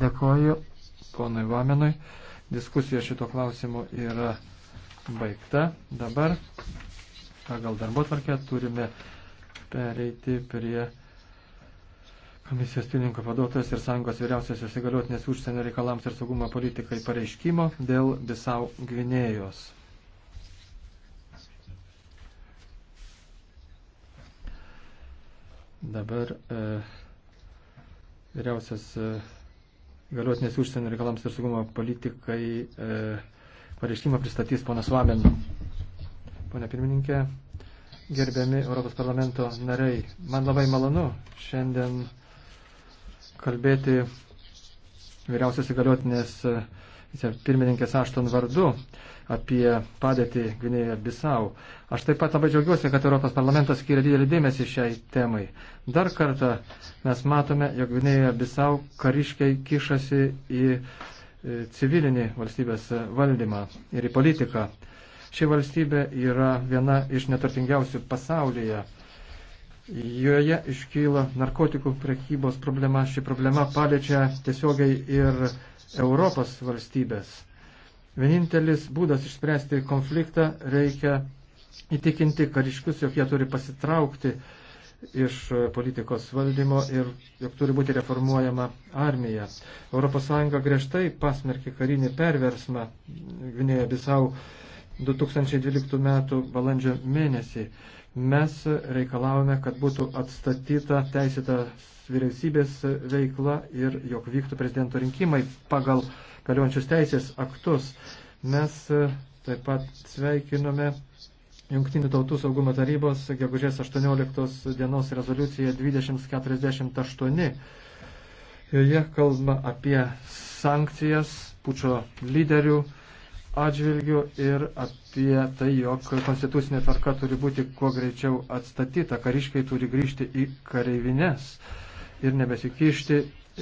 Dėkoju ponui Vamenui. Diskusija šito klausimu yra baigta. Dabar pagal darbo tvarkę turime pereiti prie komisijos pirmininko pavaduotojas ir sąjungos vyriausiasios įgaliotinės užsienio reikalams ir saugumo politikai pareiškimo dėl Bisau Gvinėjos. Dabar e, vyriausias e, galiotinės užsienio reikalams ir saugumo politikai e, pareiškimą pristatys ponas Vamen. Pone pirmininkė, gerbiami Europos parlamento nariai, man labai malonu šiandien kalbėti vyriausios įgaliotinės e, pirmininkės Ašton vardu apie padėtį Gvinėje Bisau. Aš taip pat labai džiaugiuosi, kad Europos parlamentas skiria didelį dėmesį šiai temai. Dar kartą mes matome, jog Gvinėje Bisau kariškiai kišasi į e, civilinį valstybės valdymą ir į politiką. Ši valstybė yra viena iš neturtingiausių pasaulyje. Joje iškyla narkotikų prekybos problema. Ši problema paliečia tiesiogiai ir Europos valstybės. Vienintelis būdas išspręsti konfliktą reikia įtikinti kariškius, jog jie turi pasitraukti iš e, politikos valdymo ir jog turi būti reformuojama armija. ES griežtai pasmerkė karinį perversmą Gvinėje Bisau 2012 m. balandžio mėnesį. Mes reikalavome, kad būtų atstatyta teisėta vyriausybės veikla ir jog vyktų prezidento rinkimai pagal galiojančius teisės aktus. Mes e, taip pat sveikinome Junktinių tautų saugumo tarybos gegužės 18 dienos rezoliucija 2048. Joje kalba apie sankcijas pučio lyderių atžvilgių ir apie tai, jog konstitucinė tvarka turi būti kuo greičiau atstatyta, kariškiai turi grįžti į kareivines ir nebesikišti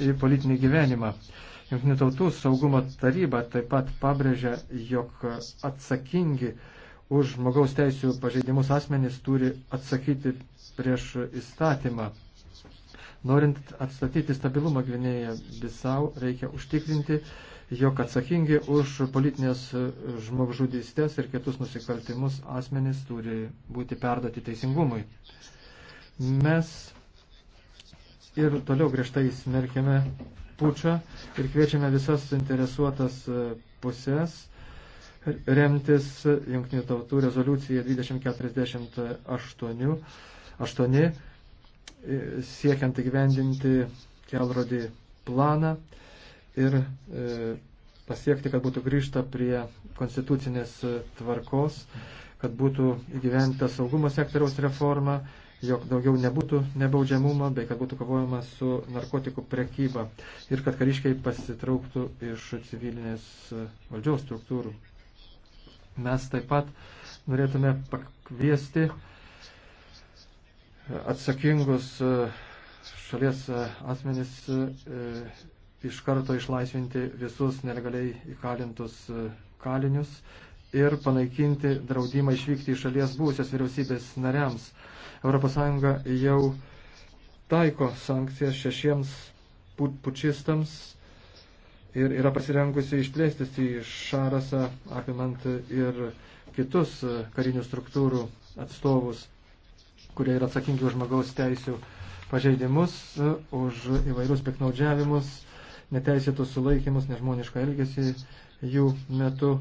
į politinį gyvenimą. Junktinių tautų saugumo taryba taip pat pabrėžia, jog atsakingi už žmogaus teisų pažeidimus asmenys turi atsakyti prieš įstatymą. Norint atstatyti stabilumą Gvinėje Bisau, reikia užtikrinti, jog atsakingi už politinės žmogžudystės ir kitus nusikaltimus asmenys turi būti perduoti teisingumui. Mes ir toliau griežtai smerkiame pučą ir kviečiame visas suinteresuotas e, pusės remtis Junktinių tautų rezoliucija 2048 8, siekiant įgyvendinti kelrodį planą ir e, pasiekti, kad būtų grįžta prie konstitucinės tvarkos, kad būtų įgyventa saugumo sektoriaus reforma, jog daugiau nebūtų nebaudžiamumo, bei kad būtų kovojama su narkotikų prekyba ir kad kariškiai pasitrauktų iš civilinės e, valdžios struktūrų. Mes taip pat norėtume pakviesti e, atsakingus e, šalies asmenys iš karto išlaisvinti visus nelegaliai įkalintus kalinius ir panaikinti draudimą išvykti iš šalies būsios vyriausybės nariams. ES jau taiko sankcijas šešiems pučistams ir yra pasirengusi išplėstis į Šarasą, apimant ir kitus karinių struktūrų atstovus, kurie yra atsakingi už žmogaus teisų pažeidimus, už įvairius piknaudžiavimus, neteisėtus sulaikymus, nežmonišką elgesį jų metu.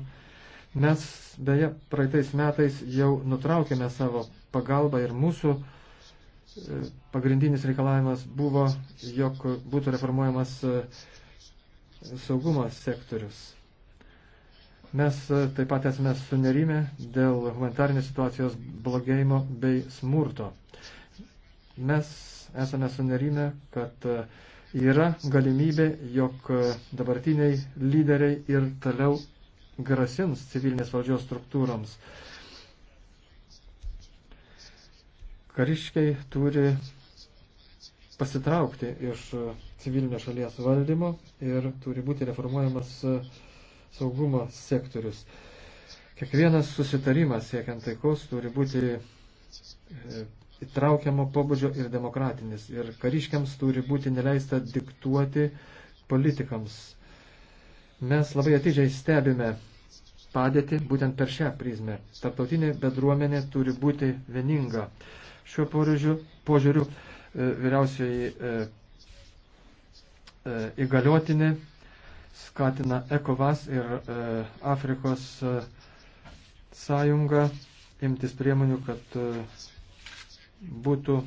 Mes beje praeitais metais jau nutraukėme savo pagalbą ir mūsų e, pagrindinis reikalavimas buvo, jog būtų reformuojamas e, saugumo sektorius. Mes e, taip pat esame sunerime dėl humanitarinės situacijos blogėjimo bei smurto. Mes esame sunerime, kad yra galimybė, jog dabartiniai lyderiai ir toliau grasins civilinės valdžios struktūroms. Kariškiai turi pasitraukti iš civilinio šalies valdymo ir turi būti reformuojamas saugumo sektorius. Kiekvienas susitarimas siekiant taikos turi būti e, įtraukiamo pobūdžio ir demokratinis. Ir kariškiams turi būti neleista diktuoti politikams Mes labai atidžiai stebime padėtį būtent per šią prizmę. Tarptautinė bendruomenė turi būti vieninga. Šiuo požiūriu, požiūriu e, vyriausiai e, e, įgaliotinė skatina ECOVAS ir e, Afrikos e, sąjunga imtis priemonių, kad e, būtų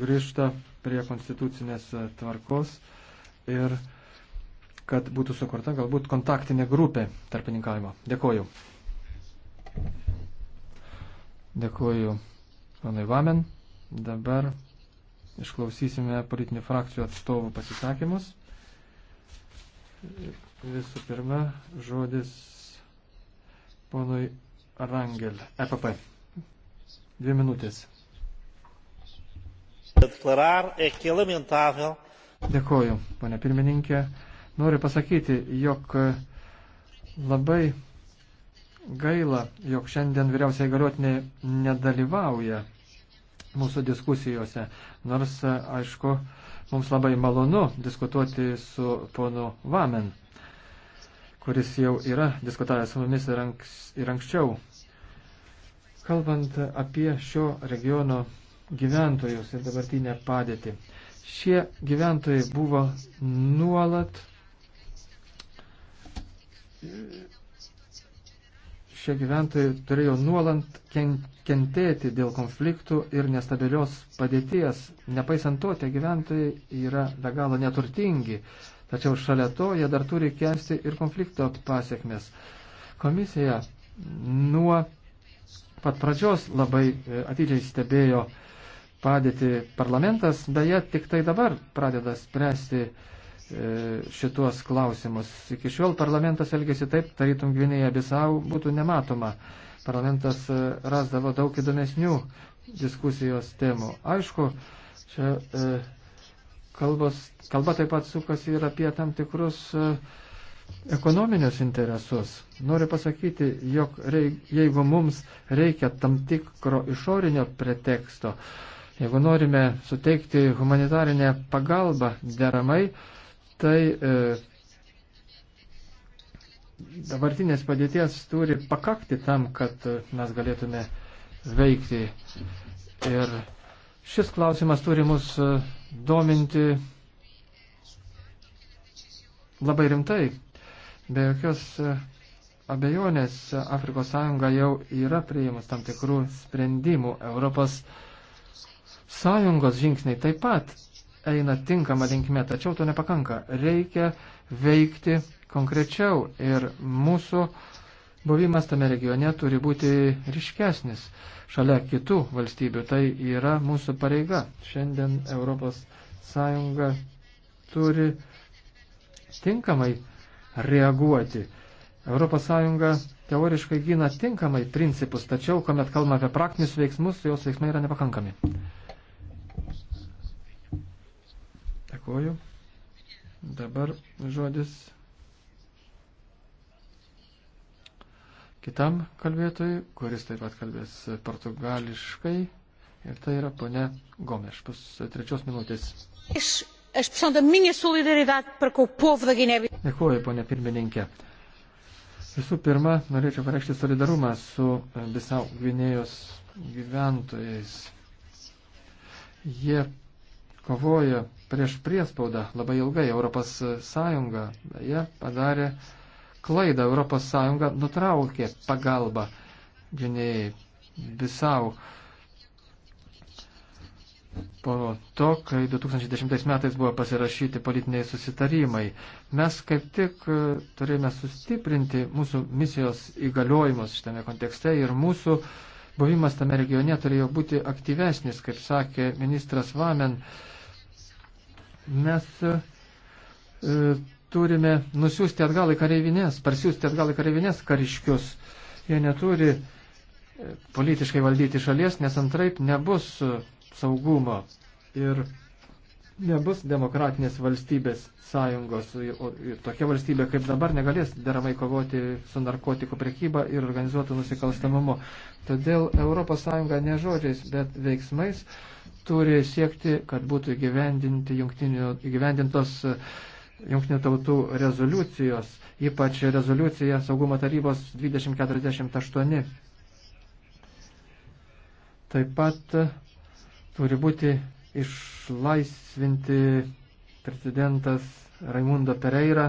grįžta prie konstitucinės e, tvarkos ir e, kad būtų sukurta galbūt kontaktinė grupė tarpininkavimo. Dėkoju. Dėkoju, panai Vamen. Dabar išklausysime politinių frakcijų atstovų pasisakymus. Visų pirma, žodis ponui Rangel, EPP. Dvi minutės. Dėkoju, ponė pirmininkė. Noriu pasakyti, jog labai gaila, jog šiandien vyriausiai galiotinė nedalyvauja mūsų diskusijose. Nors, aišku, mums labai malonu diskutuoti su ponu Vamen, kuris jau yra diskutavęs su mumis ir, anks, ir anksčiau. Kalbant apie šio regiono gyventojus ir dabartinę padėtį. Šie gyventojai buvo nuolat šie gyventojai turėjo nuolant kentėti dėl konfliktų ir nestabilios padėties. Nepaisant to, tie gyventojai yra be galo neturtingi, tačiau šalia to jie dar turi kesti ir konflikto pasiekmes. Komisija nuo pat pradžios labai e, atidžiai stebėjo padėti parlamentas, beje, tik tai dabar pradeda spręsti uh, E, šituos klausimus. Iki šiol parlamentas elgėsi taip, tarytum Gvinėje Bisau būtų nematoma. Parlamentas e, rasdavo daug įdomesnių diskusijos temų. Aišku, čia e, kalbos, kalba taip pat sukasi ir apie tam tikrus e, ekonominius interesus. Noriu pasakyti, jog reik, jeigu mums reikia tam tikro išorinio preteksto, jeigu norime suteikti humanitarinę pagalbą deramai, tai e, dabartinės padėties turi pakakti tam, kad mes galėtume veikti. Ir šis klausimas turi mus e, dominti labai rimtai. Be jokios e, abejonės Afrikos Sąjunga jau yra prieimus tam tikrų sprendimų. Europos Sąjungos žingsniai taip pat eina tinkama linkme, tačiau to nepakanka. Reikia veikti konkrečiau ir mūsų buvimas tame regione turi būti ryškesnis šalia kitų valstybių. Tai yra mūsų pareiga. Šiandien Europos Sąjunga turi tinkamai reaguoti. Europos Sąjunga teoriškai gina tinkamai principus, tačiau, kuomet kalbame apie praktinius veiksmus, jos veiksmai yra nepakankami. Dėkuoju. Dabar žodis kitam kalbėtojui, kuris taip pat kalbės portugališkai. Ir tai yra ponia Gomes, pus trečios minutės. Dėkuoju, ponia pirmininkė. Visų pirma, norėčiau pareikšti solidarumą su eh, Bisau Gvinėjos gyventojais. Jie kovojo prieš priespaudą labai ilgai. Europos Sąjunga ja, padarė klaidą. Europos Sąjunga nutraukė pagalbą gynėjai visau. Po to, kai 2010 metais buvo pasirašyti politiniai susitarimai, mes kaip tik e, turėjome sustiprinti mūsų misijos įgaliojimus šitame kontekste ir mūsų buvimas tame regione turėjo būti aktyvesnis, kaip sakė ministras Vamen. Uh, mes e, turime nusiųsti atgal į kareivinės, parsiųsti atgal į kareivinės kariškius. Jie neturi e, politiškai valdyti šalies, nes antraip nebus e, saugumo ir nebus demokratinės valstybės sąjungos. Ir tokia valstybė kaip dabar negalės deramai kovoti su narkotikų prekyba ir organizuotų nusikalstamumu. Todėl ES ne žodžiais, bet veiksmais turi siekti, kad būtų įgyvendintos e, jungtinių tautų rezoliucijos, ypač rezoliucija saugumo tarybos 2048. Taip pat e, turi būti išlaisvinti prezidentas Raimundo Pereira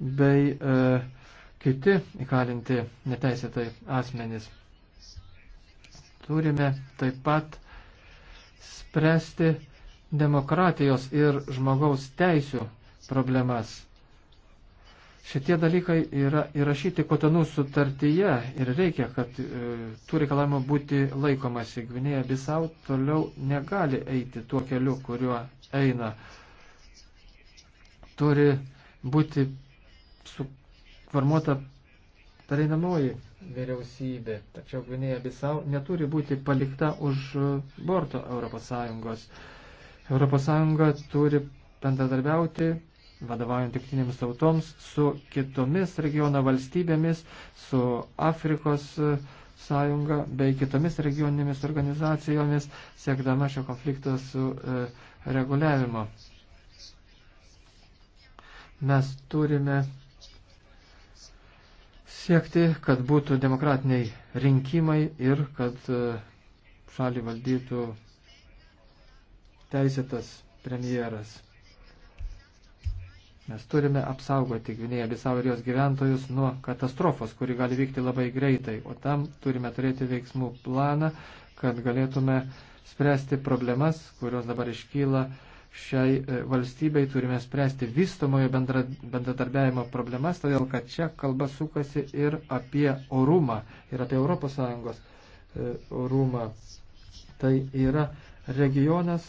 bei e, kiti įkalinti neteisėtai asmenys. Turime taip pat spręsti demokratijos ir žmogaus teisių problemas. Šitie dalykai yra įrašyti kotonų sutartyje ir reikia, kad e, tų reikalavimų būti laikomasi. Gvinėja Bisau toliau negali eiti tuo keliu, kuriuo eina. Turi būti suformuota pareinamoji vyriausybė. Tačiau Gvinėja Bisau neturi būti palikta už borto ES. ES turi bendradarbiauti, vadovaujant tiktinėms tautoms, su kitomis regiono valstybėmis, su Afrikos sąjunga bei kitomis regioninėmis organizacijomis, siekdama šio konflikto su e, reguliavimo. Mes turime siekti, kad būtų demokratiniai rinkimai ir kad e, šalį valdytų teisėtas premjeras. Mes turime apsaugoti Gvinėją Bisau ir jos gyventojus nuo katastrofos, kuri gali vykti labai greitai, o tam turime turėti veiksmų planą, kad galėtume spręsti problemas, kurios dabar iškyla uh, šiai e, valstybei, turime spręsti vystomojo bendra, bendradarbiavimo problemas, todėl kad čia kalba sukasi ir apie orumą, ir apie ES e, orumą. Tai yra regionas,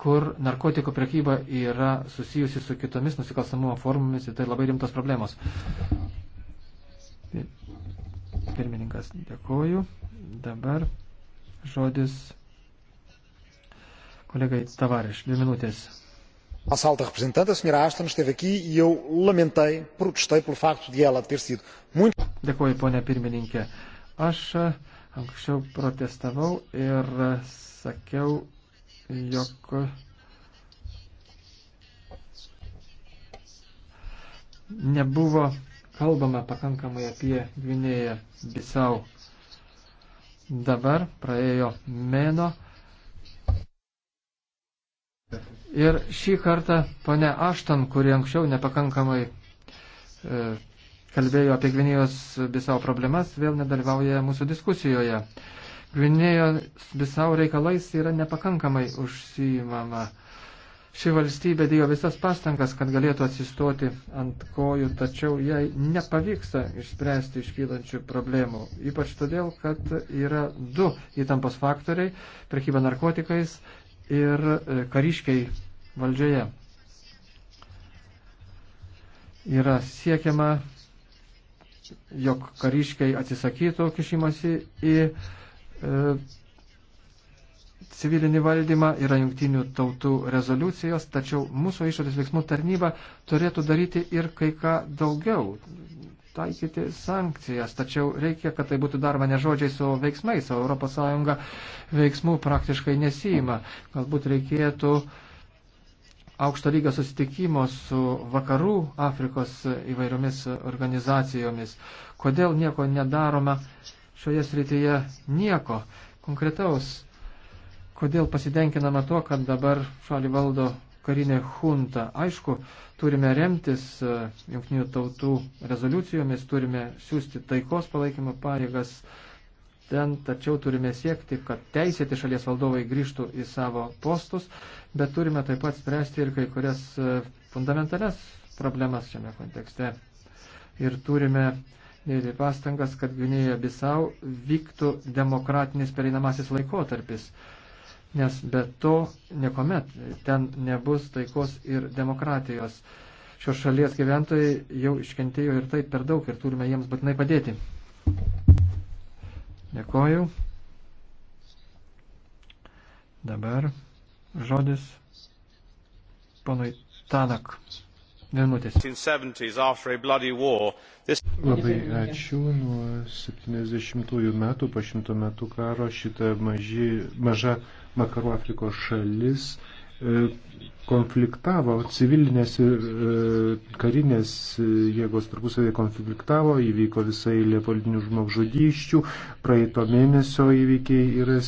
kur narkotikų prekyba yra susijusi su kitomis nusikalstamumo formomis ir tai labai rimtos problemos. Pirmininkas, dėkoju. Dabar žodis Kolegai Tavariš, dvi minutės. Nossa alta representante, a senhora Ashton, esteve aqui e eu lamentei, protestei pelo facto de ela ter sido muito. Dėkuoju, ponia pirmininkė. Aš anksčiau protestavau ir sakiau, jog nebuvo kalbama pakankamai apie Gvinėją Bisau. Dabar praėjo mėno Ir šį kartą ponia Ašton, kuri anksčiau nepakankamai e, kalbėjo apie Gvinėjos Bisau problemas, vėl nedalyvauja mūsų diskusijoje. Gvinėjos Bisau reikalais yra nepakankamai užsijimama. Ši valstybė dėjo visas pastangas, kad galėtų atsistoti ant kojų, tačiau jai nepavyksta išspręsti iškylančių problemų. Ypač todėl, kad yra du įtampos faktoriai - prekyba narkotikais ir e, kariškiai valdžioje. Yra siekiama, jog kariškiai atsisakytų kišimasi į e, civilinį valdymą, yra jungtinių tautų rezoliucijos, tačiau mūsų išorės veiksmų tarnyba turėtų daryti ir kai ką daugiau, taikyti sankcijas, tačiau reikia, kad tai būtų daroma ne žodžiais, o veiksmais, o ES veiksmų praktiškai nesijima. Galbūt reikėtų aukšto lygio susitikimo su vakarų Afrikos įvairiomis organizacijomis. Kodėl nieko nedaroma šioje srityje nieko konkretaus? Kodėl pasidenkinama tuo, kad dabar šalį valdo karinė junta? Aišku, turime remtis e, jungtinių tautų rezoliucijomis, turime siūsti taikos palaikymo pareigas ten, tačiau turime siekti, kad teisėti šalies valdovai grįžtų į savo postus, bet turime taip pat spręsti ir kai kurias e, fundamentales problemas šiame kontekste. Ir turime dėti pastangas, kad Gvinėje Bisau vyktų demokratinis pereinamasis laikotarpis nes be to niekuomet ten nebus taikos ir demokratijos. Šios šalies gyventojai jau iškentėjo ir taip per daug ir turime jiems būtinai padėti. Dėkoju. Dabar žodis ponui Tanak. Vienutės. Labai ačiū. Nuo 70-ųjų metų, po šimto metų karo, šita maži, maža Makarų Afrikos šalis e, konfliktavo, civilinės ir e, karinės jėgos tarpusavėje konfliktavo, įvyko visai liepolinių žmogžudyščių, praeito mėnesio įvykiai yra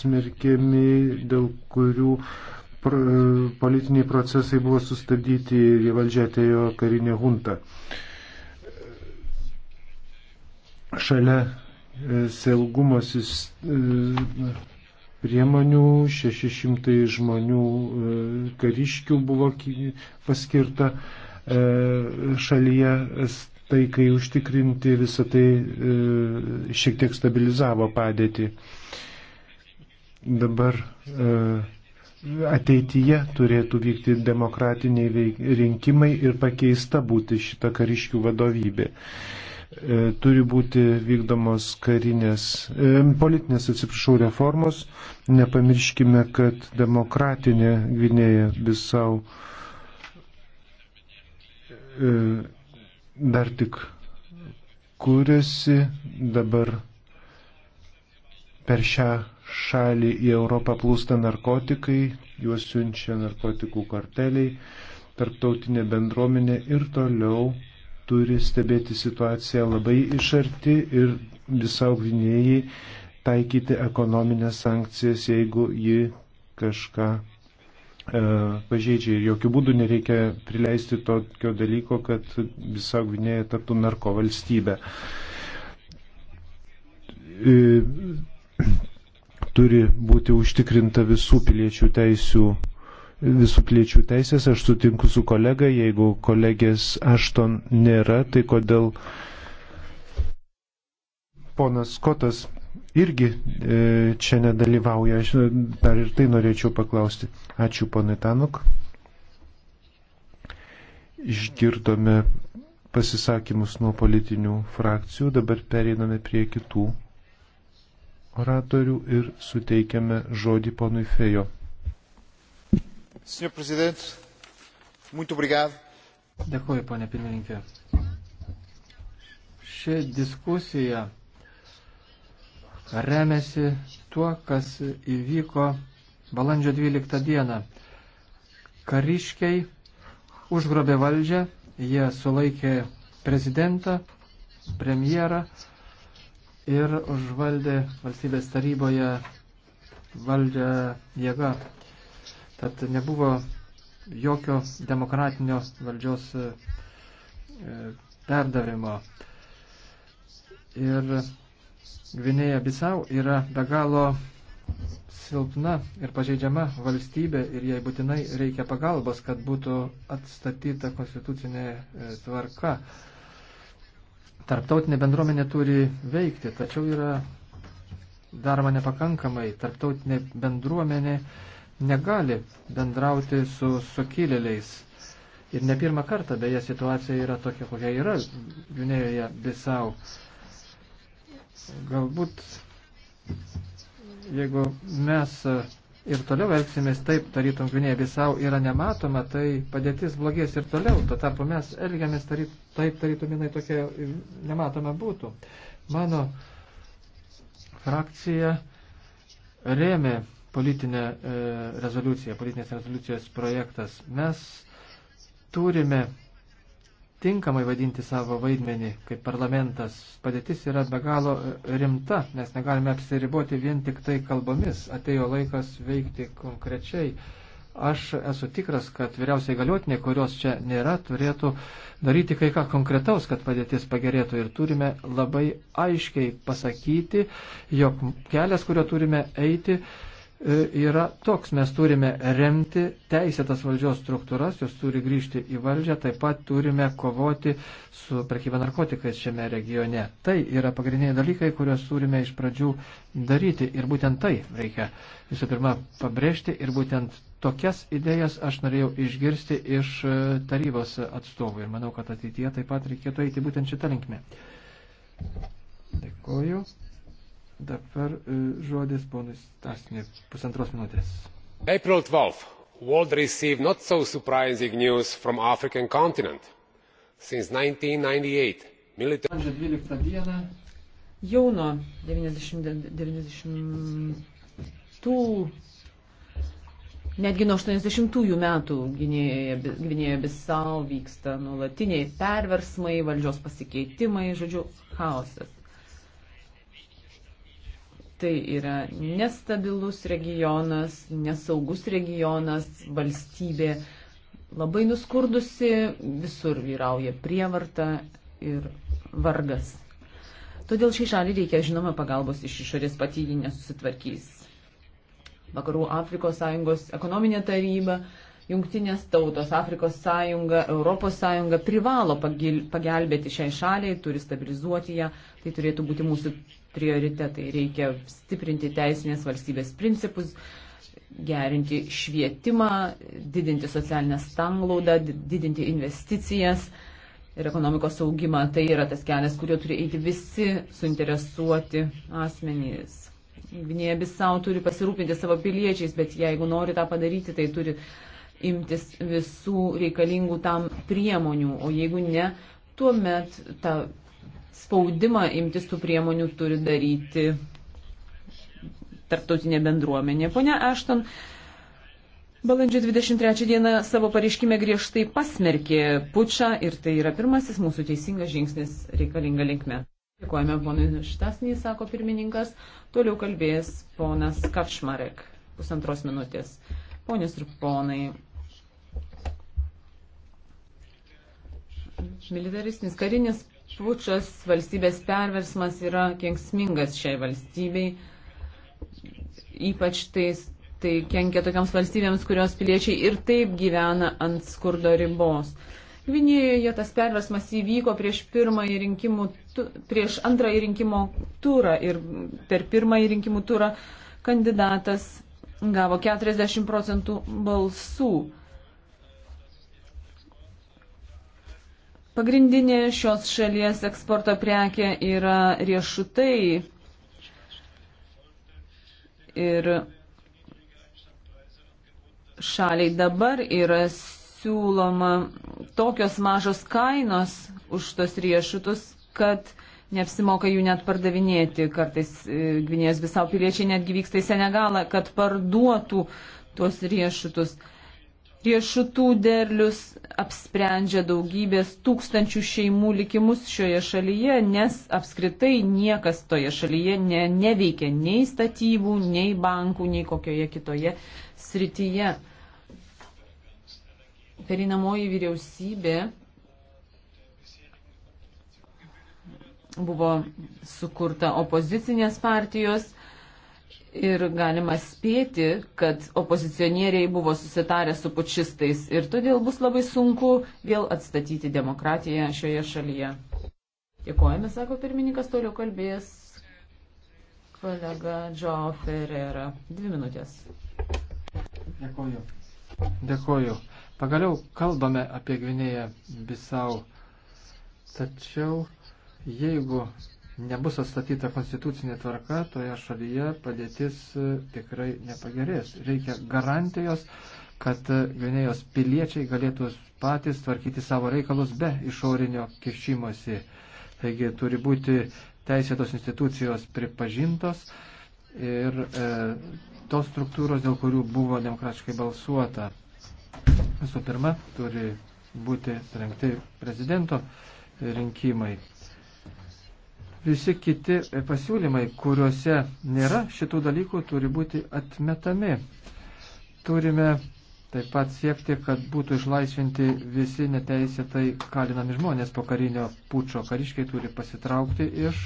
smerkiami, dėl kurių uh, politiniai procesai buvo sustabdyti ir į valdžią atėjo karinė hunta. Šalia e, saugumo e, priemonių 600 žmonių e, kariškių buvo paskirta šalyje taikai užtikrinti, visą tai šiek tiek stabilizavo padėtį. Dabar ateityje turėtų vykti demokratiniai rinkimai ir pakeista būti šita kariškių vadovybė. E, turi būti vykdomos karinės, e, politinės, atsiprašau, reformos. Nepamirškime, kad demokratinė Gvinėja visau e, dar tik kūrėsi dabar per šią šalį į Europą plūsta narkotikai, juos siunčia narkotikų karteliai, tarptautinė bendruomenė ir toliau turi stebėti situaciją labai iš arti ir visaugvinėjai taikyti ekonominės sankcijas, jeigu ji kažką e, pažeidžia. Ir jokių būdų nereikia prileisti tokio dalyko, kad visaugvinėja taptų narko valstybė. E, turi būti užtikrinta visų piliečių teisių, visų piliečių teisės. Aš sutinku su kolega, jeigu kolegės Ašton nėra, tai kodėl ponas Skotas irgi e, čia nedalyvauja. Aš e, dar ir tai norėčiau paklausti. Ačiū, ponai Tanuk. Išgirdome pasisakymus nuo politinių frakcijų, dabar pereiname prie kitų oratorių ir suteikiame žodį ponui Fejo. Dėkuoju, ponė pirmininkė. Ši diskusija remiasi tuo, kas įvyko balandžio 12 dieną. Kariškiai užgrobė valdžią, jie sulaikė prezidentą, premjerą, ir užvaldė valstybės taryboje valdžią jėga. Tad nebuvo jokio demokratinio valdžios e, perdavimo. Ir Gvinėja Bisau yra be galo silpna ir pažeidžiama valstybė ir jai būtinai reikia pagalbos, kad būtų atstatyta konstitucinė e, tvarka. Tarptautinė bendruomenė turi veikti, tačiau yra daroma nepakankamai. Tarptautinė bendruomenė negali bendrauti su sukilėliais. Ir ne pirmą kartą, beje, situacija yra tokia, kokia yra Junėjoje Bisau. Galbūt, jeigu mes ir toliau elgsimės taip, tarytum Gvinėje Bisau yra nematoma, tai padėtis blogės ir toliau. Tuo tarpu mes elgiamės taryt, taip, tarytum jinai tokia nematoma būtų. Mano frakcija rėmė politinę e, rezoliuciją, politinės rezoliucijos projektas. Mes turime tinkamai vadinti savo vaidmenį kaip parlamentas. Padėtis yra be galo e, rimta, nes negalime apsiriboti vien tik tai kalbomis. Atėjo laikas veikti konkrečiai. Aš esu tikras, kad vyriausiai galiotinė, kurios čia nėra, turėtų daryti kai ką konkretaus, kad padėtis pagerėtų. Ir turime labai aiškiai pasakyti, jog kelias, kurio turime eiti, E, yra toks. Mes turime remti teisėtas valdžios struktūras, jos turi grįžti į valdžią, taip pat turime kovoti su prekyba narkotikais šiame regione. Tai yra pagrindiniai dalykai, kuriuos turime iš pradžių daryti ir būtent tai reikia visų pirma pabrėžti ir būtent tokias idėjas aš norėjau išgirsti iš e, tarybos atstovų ir manau, kad ateityje taip pat reikėtų eiti būtent šitą linkmę. Dėkuoju. Dabar e, žodis ponui Stasnė pusantros minutės. April 12. World received not so surprising news from African continent. Since 1998, military... Dieną, jau nuo 90, 90 Netgi nuo 80-ųjų metų Gvinėje Bisau vyksta nuolatiniai perversmai, valdžios pasikeitimai, žodžiu, chaosas tai yra nestabilus regionas, nesaugus regionas, valstybė labai nuskurdusi, visur vyrauja prievarta ir vargas. Todėl šiai šaliai reikia, žinoma, pagalbos iš išorės pati ji nesusitvarkys. Vakarų Afrikos Sąjungos ekonominė taryba Jungtinės tautos, Afrikos sąjunga, Europos sąjunga privalo pagelbėti šiai šaliai, turi stabilizuoti ją, tai turėtų būti mūsų prioritetai. Reikia stiprinti teisinės valstybės principus, gerinti švietimą, didinti socialinę stanglaudą, didinti investicijas ir ekonomikos augimą. Tai yra tas kelias, kuriuo turi eiti visi suinteresuoti asmenys. Gvinėja Bisau turi pasirūpinti savo piliečiais, bet jeigu nori tą padaryti, tai turi imtis visų reikalingų tam priemonių, o jeigu ne, tuomet tą spaudimą imtis tų priemonių turi daryti tarptautinė bendruomenė. Pone Ašton, balandžio 23 dieną savo pareiškime griežtai pasmerkė pučą ir tai yra pirmasis mūsų teisingas žingsnis reikalinga linkme. Dėkojame ponui Štasnį, sako pirmininkas. Toliau kalbės ponas Kačmarek, pusantros minutės. Ponius ir ponai, militaristinis karinis pučas, valstybės perversmas yra kenksmingas šiai valstybei. Ypač tai, tai kenkia tokiams valstybėms, kurios piliečiai ir taip gyvena ant skurdo ribos. Gvinėjoje tas perversmas įvyko prieš, rinkimų, prieš antrąjį rinkimų turą ir per pirmąjį rinkimų turą kandidatas gavo 40 procentų balsų. Pagrindinė šios šalies eksporto prekė yra riešutai. Ir šaliai dabar yra siūloma tokios mažos kainos už tos riešutus, kad neapsimoka jų net pardavinėti. Kartais e, Gvinėjos visau piliečiai netgi vyksta į Senegalą, kad parduotų tuos riešutus riešutų derlius apsprendžia daugybės tūkstančių šeimų likimus šioje šalyje, nes apskritai niekas toje šalyje ne, neveikia nei statybų, nei bankų, nei kokioje kitoje srityje. Perinamoji vyriausybė buvo sukurta opozicinės partijos ir galima spėti, kad opozicionieriai buvo susitarę su pučistais ir todėl bus labai sunku vėl atstatyti demokratiją šioje šalyje. Dėkojame, sako pirmininkas, toliau kalbės kolega Džo Ferrera. Dvi minutės. Dėkoju. Dėkoju. Pagaliau kalbame apie Gvinėją Bisau. Tačiau jeigu nebus atstatyta konstitucinė tvarka, toje šalyje padėtis e, tikrai nepagerės. Reikia garantijos, kad e, Gvinėjos piliečiai galėtų patys tvarkyti savo reikalus be išorinio kišimosi. Taigi turi būti teisėtos institucijos pripažintos ir e, tos struktūros, dėl kurių buvo demokratiškai balsuota. Visų pirma, turi būti rengti prezidento rinkimai visi kiti pasiūlymai, kuriuose nėra šitų dalykų, turi būti atmetami. Turime taip pat siekti, kad būtų išlaisvinti visi neteisėtai kalinami žmonės po karinio pučio. Kariškiai turi pasitraukti iš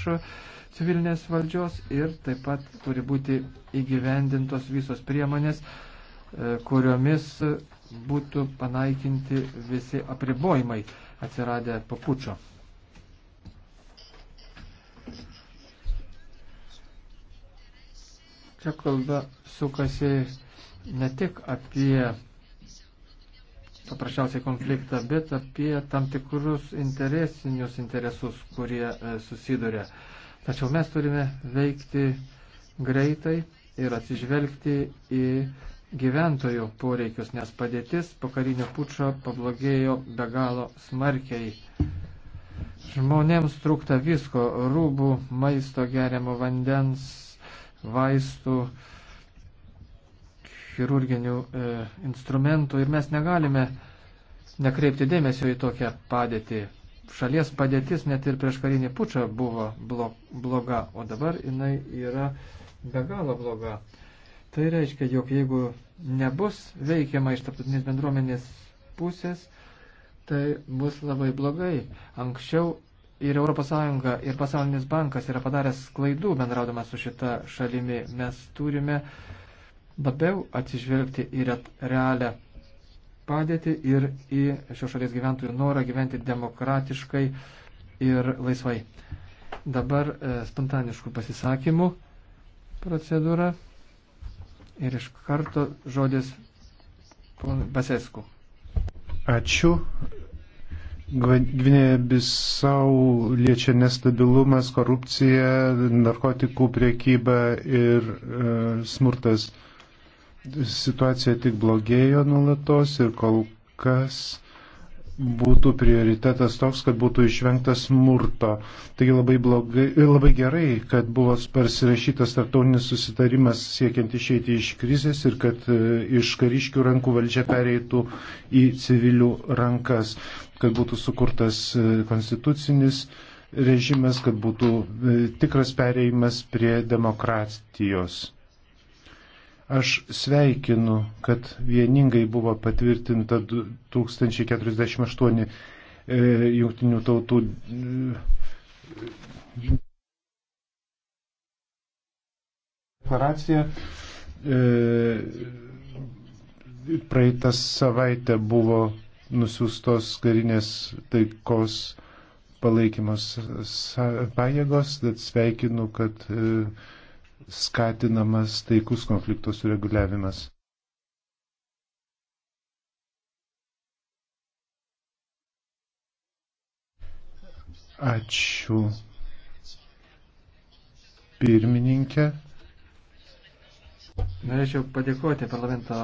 civilinės valdžios ir taip pat turi būti įgyvendintos visos priemonės, e, kuriomis būtų panaikinti visi apribojimai atsiradę po pučio. Čia kalba sukasi ne tik apie paprasčiausiai konfliktą, bet apie tam tikrus interesinius interesus, kurie e, susiduria. Tačiau mes turime veikti greitai ir atsižvelgti į gyventojų poreikius, nes padėtis po karinio pučio pablogėjo be galo smarkiai. Žmonėms trūkta visko - rūbų, maisto, geriamo vandens, vaistų, chirurginių e, instrumentų ir mes negalime nekreipti dėmesio į tokią padėtį. Šalies padėtis net ir prieš karinį pučą buvo bloga, o dabar jinai yra be galo bloga. Tai reiškia, jog jeigu nebus veikiama iš tarptautinės bendruomenės pusės, tai bus labai blogai. Anksčiau ir ES ir Pasaulinis bankas yra padaręs klaidų bendraudamas su šita šalimi. Mes turime labiau atsižvelgti į realią padėtį ir į šios šalies gyventojų norą gyventi demokratiškai ir laisvai. Dabar e, spontaniškų pasisakymų procedūra ir iš karto žodis Basesku. Ačiū. Gvinėje Bisau liečia nestabilumas, korupcija, narkotikų priekyba ir e, smurtas. Situacija tik blogėjo nulatos ir kol kas būtų prioritetas toks, kad būtų išvengtas smurto. Taigi labai, blogai, labai gerai, kad buvo pasirašytas tartautinis susitarimas siekiant išeiti iš krizės ir kad e, iš kariškių rankų valdžia pereitų į civilių rankas kad būtų sukurtas e, konstitucinis režimas, kad būtų e, tikras pereimas prie demokratijos. Aš sveikinu, kad vieningai buvo patvirtinta 1048 e, jungtinių tautų deklaracija. Praeitą savaitę buvo nusiustos karinės taikos palaikymos pajėgos, tad sveikinu, kad e, skatinamas taikus konflikto sureguliavimas. Ačiū pirmininkė. Norėčiau padėkoti parlamento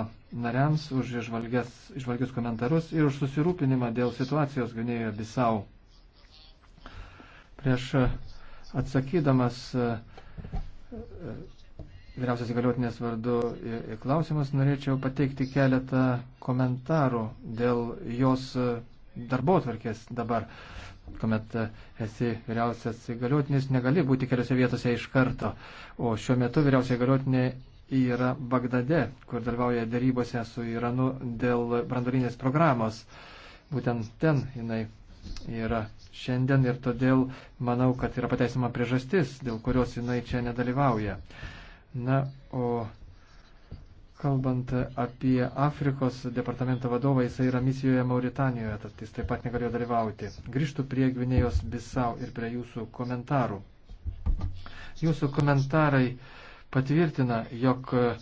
nariams už išvalgias, išvalgius komentarus ir už susirūpinimą dėl situacijos Gvinėjoje Bisau. Prieš e, atsakydamas e, e, vyriausios įgaliotinės vardu į klausimus norėčiau pateikti keletą komentarų dėl jos darbo atvarkės dabar, kuomet esi vyriausias įgaliotinis, negali būti keliose vietose iš karto, o šiuo metu vyriausiai įgaliotinė yra Bagdade, kur dalyvauja darybose su Iranu dėl brandolinės programos. Būtent ten jinai yra šiandien ir todėl manau, kad yra pateisima priežastis, dėl kurios jinai čia nedalyvauja. Na, o kalbant apie Afrikos departamento vadovą, jisai yra misijoje Mauritanijoje, tad jis taip pat negalėjo dalyvauti. Grįžtų prie Gvinėjos Bisau ir prie jūsų komentarų. Jūsų komentarai patvirtina, jog e,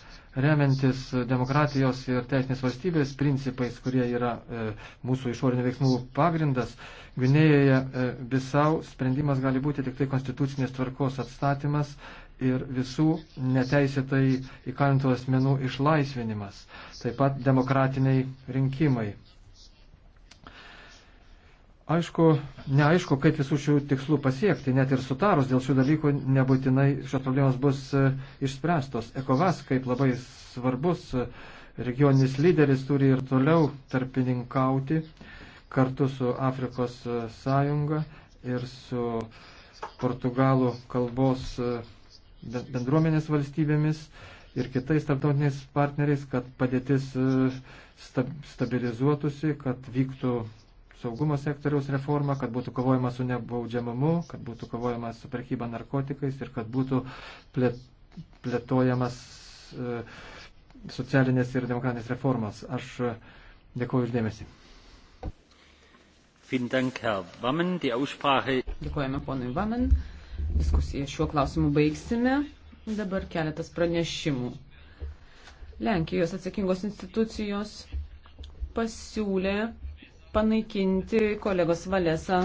remiantis demokratijos ir teisinės valstybės principais, kurie yra e, mūsų išorinių veiksmų pagrindas, Gvinėjoje visau e, sprendimas gali būti tik tai konstitucinės tvarkos atstatymas ir visų neteisėtai įkalintų asmenų išlaisvinimas, taip pat demokratiniai rinkimai. Aišku, neaišku, kaip visų šių tikslų pasiekti, net ir sutarus dėl šių dalykų nebūtinai šios problemos bus e, išspręstos. Ekovas, kaip labai svarbus e, regioninis lyderis, turi ir toliau tarpininkauti kartu su Afrikos e, sąjunga ir su portugalų kalbos bendruomenės valstybėmis ir kitais tarptautiniais partneriais, kad padėtis stabilizuotųsi, kad vyktų saugumo sektoriaus reformą, kad būtų kovojama su nebaudžiamumu, kad būtų kovojama su prekyba narkotikais ir kad būtų plėtojamas e, socialinės ir demokratinės reformas. Aš e, dėkuoju uždėmesi. Dėkojame ponui Vamen. Diskusiją šiuo klausimu baigsime. Dabar keletas pranešimų. Lenkijos atsakingos institucijos pasiūlė panaikinti kolegos Valesa